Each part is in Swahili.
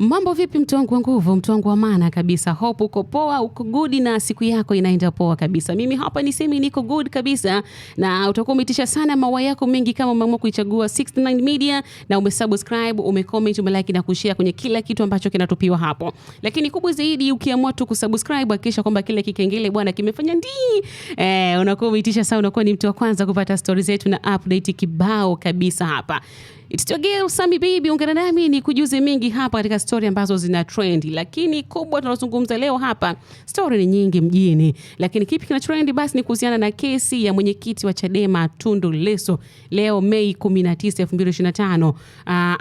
Mambo vipi mtu wangu wa nguvu, mtu wangu wa maana kabisa. Hope uko poa, uko good na siku yako inaenda poa kabisa. Mimi hapa nisemi niko good kabisa na utakuwa umetisha sana maua yako mengi kama umeamua kuichagua 69 Media na umesubscribe, umecomment, umelike na kushare kwenye kila kitu ambacho kinatupiwa hapo. Lakini kubwa zaidi ukiamua tu kusubscribe hakikisha kwamba kile kikengele bwana kimefanya ndii. Eh, unakuwa umetisha sana, unakuwa ni mtu wa kwanza kupata stories zetu na update kibao kabisa hapa. It's your girl Sami Baby, ungana nami ni kujuze mingi hapa katika stori ambazo zina trend, lakini kubwa tunazungumza leo hapa, stori ni nyingi mjini, lakini kipi kina trend? Basi ni kuhusiana na kesi ya mwenyekiti wa Chadema Tundu leso leo Mei 19, 2025, uh,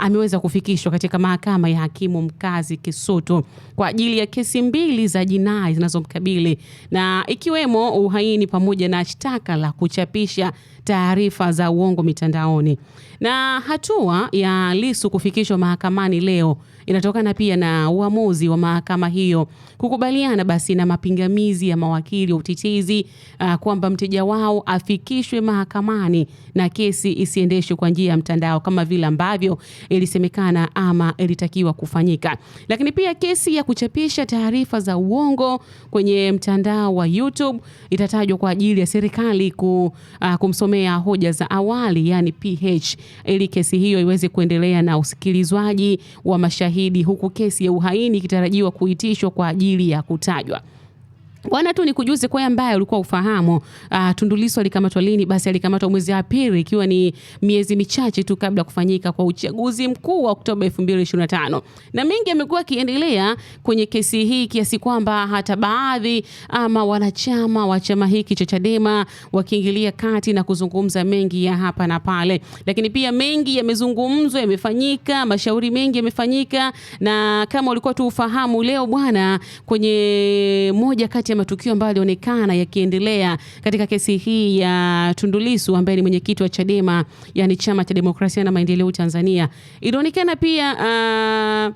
ameweza kufikishwa katika mahakama ya hakimu mkazi Kisutu kwa ajili ya kesi mbili za jinai zinazomkabili na ikiwemo uhaini pamoja na shtaka la kuchapisha taarifa za uongo mitandaoni na hatu hatua ya lisu kufikishwa mahakamani leo inatokana pia na uamuzi wa mahakama hiyo kukubaliana basi na mapingamizi ya mawakili wa utetezi uh, kwamba mteja wao afikishwe mahakamani na kesi isiendeshwe kwa njia ya mtandao kama vile ambavyo ilisemekana ama ilitakiwa kufanyika. Lakini pia kesi ya kuchapisha taarifa za uongo kwenye mtandao wa YouTube itatajwa kwa ajili ya serikali ku, uh, kumsomea hoja za awali yani PH ili kesi hiyo iweze kuendelea na usikilizwaji wa mashahidi ushahidi huku kesi ya uhaini ikitarajiwa kuitishwa kwa ajili ya kutajwa. Bwana tu nikujuze kwa ambaye ulikuwa ufahamu. Uh, ah, Tundu Lissu alikamatwa lini? Basi alikamatwa mwezi wa pili, ikiwa ni miezi michache tu kabla kufanyika kwa uchaguzi mkuu wa Oktoba 2025. Na mengi yamekuwa yakiendelea kwenye kesi hii kiasi kwamba hata baadhi ama wanachama wa chama hiki cha Chadema wakiingilia kati na kuzungumza mengi ya hapa na pale. Lakini pia mengi yamezungumzwa, yamefanyika, mashauri mengi yamefanyika na kama ulikuwa tu ufahamu leo bwana kwenye moja kati kati ya matukio ambayo yalionekana yakiendelea katika kesi hii ya Tundu Lissu ambaye ni mwenyekiti wa Chadema, yani chama cha demokrasia na maendeleo Tanzania, ilionekana pia uh,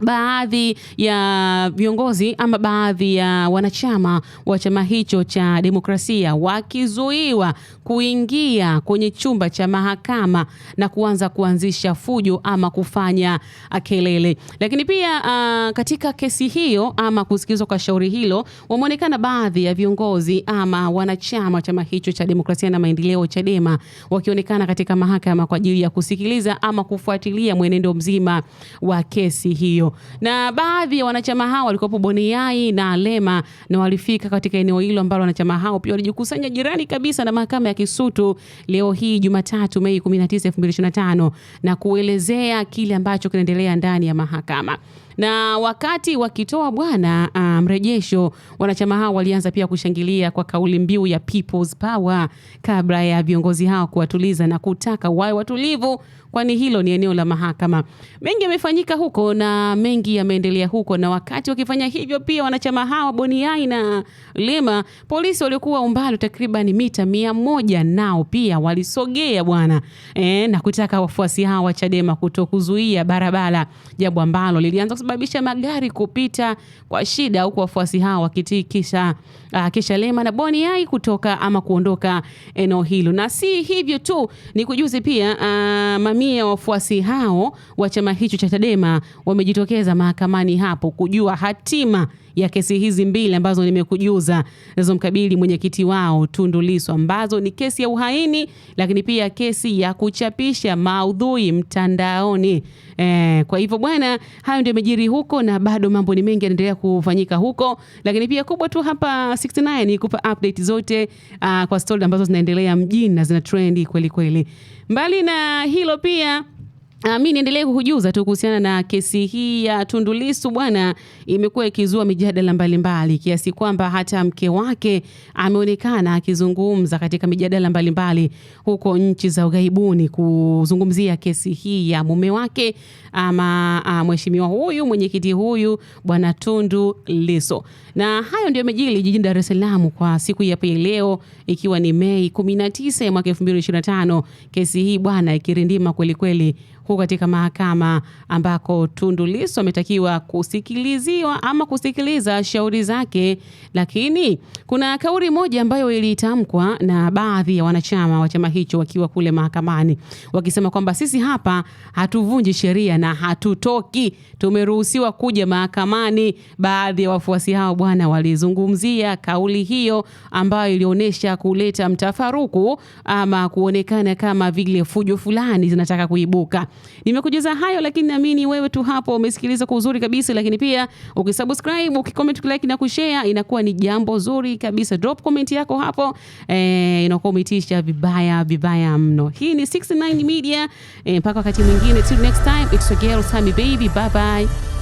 baadhi ya viongozi ama baadhi ya wanachama wa chama hicho cha demokrasia wakizuiwa kuingia kwenye chumba cha mahakama na kuanza kuanzisha fujo ama kufanya ah, kelele. Lakini pia uh, katika kesi hiyo ama kusikilizwa kwa shauri hilo, wameonekana baadhi ya viongozi ama wanachama wa chama hicho cha demokrasia na maendeleo Chadema wakionekana katika mahakama kwa ajili ya kusikiliza ama kufuatilia mwenendo mzima wa kesi hiyo hiyo. Na baadhi ya wanachama hao walikuwepo Boniai na Lema na walifika katika eneo hilo ambalo wanachama hao pia walijikusanya jirani kabisa na mahakama ya Kisutu leo hii Jumatatu Mei 19, 2025 na kuelezea kile ambacho kinaendelea ndani ya mahakama. Na wakati wakitoa bwana uh, mrejesho, wanachama hao walianza pia kushangilia kwa kauli mbiu ya People's Power kabla ya viongozi hao kuwatuliza na kutaka wawe watulivu, kwani hilo ni eneo la mahakama. Mengi yamefanyika huko na mengi yameendelea huko, na wakati wakifanya hivyo pia wanachama hawa Boni Yai na Lema, polisi waliokuwa umbali takriban mita mia moja nao pia walisogea bwana e, na kutaka wafuasi hao wa Chadema kutokuzuia barabara, jambo ambalo lilianza kusababisha magari kupita kwa shida, huku wafuasi hao wakitii kisha, uh, ah, kisha Lema na Boni Yai kutoka ama kuondoka eneo hilo. Na si hivyo tu, ni kujuzi pia uh, mamia wafuasi hao wa chama hicho cha Chadema wamejitokeza mahakamani hapo kujua hatima ya kesi hizi mbili ambazo nimekujuza zinazomkabili mwenyekiti wao Tundu Lissu ambazo ni kesi ya uhaini lakini pia kesi ya kuchapisha maudhui mtandaoni. Eh, kwa hivyo bwana, hayo ndio yamejiri kujiri huko na bado mambo ni mengi yanaendelea kufanyika huko, lakini pia kubwa tu hapa 69 ni kupa update zote uh, kwa stori ambazo zinaendelea mjini na zina trend kweli kweli. Mbali na hilo pia Ah, mi niendelee kukujuza tu kuhusiana na kesi hii ya tundulisu bwana, imekuwa ikizua mijadala mbalimbali kiasi kwamba hata mke wake ameonekana akizungumza katika mijadala mbalimbali huko nchi za ughaibuni kuzungumzia kesi hii ya mume wake ama ah, mheshimiwa huyu mwenyekiti huyu bwana Tundu liso Na hayo ndio yamejili jijini Dar es Salaam kwa siku ya leo, ikiwa ni Mei 19 mwaka 2025, kesi hii bwana ikirindima kwelikweli huko katika mahakama ambako Tundu Lissu ametakiwa kusikiliziwa ama kusikiliza shauri zake, lakini kuna kauli moja ambayo ilitamkwa na baadhi ya wanachama wa chama hicho wakiwa kule mahakamani wakisema kwamba sisi hapa hatuvunji sheria na hatutoki, tumeruhusiwa kuja mahakamani. Baadhi ya wafuasi hao bwana walizungumzia kauli hiyo ambayo ilionyesha kuleta mtafaruku ama kuonekana kama vile fujo fulani zinataka kuibuka. Nimekujuza hayo, lakini naamini wewe tu hapo umesikiliza kwa uzuri kabisa, lakini pia ukisubscribe, ukicomment, like na kushare inakuwa ni jambo zuri kabisa. Drop comment yako hapo eh, inakuwa umetisha vibaya vibaya mno. Hii ni 69 Media eh, mpaka eh, wakati mwingine, till next time, it's your girl Sammy baby, bye bye.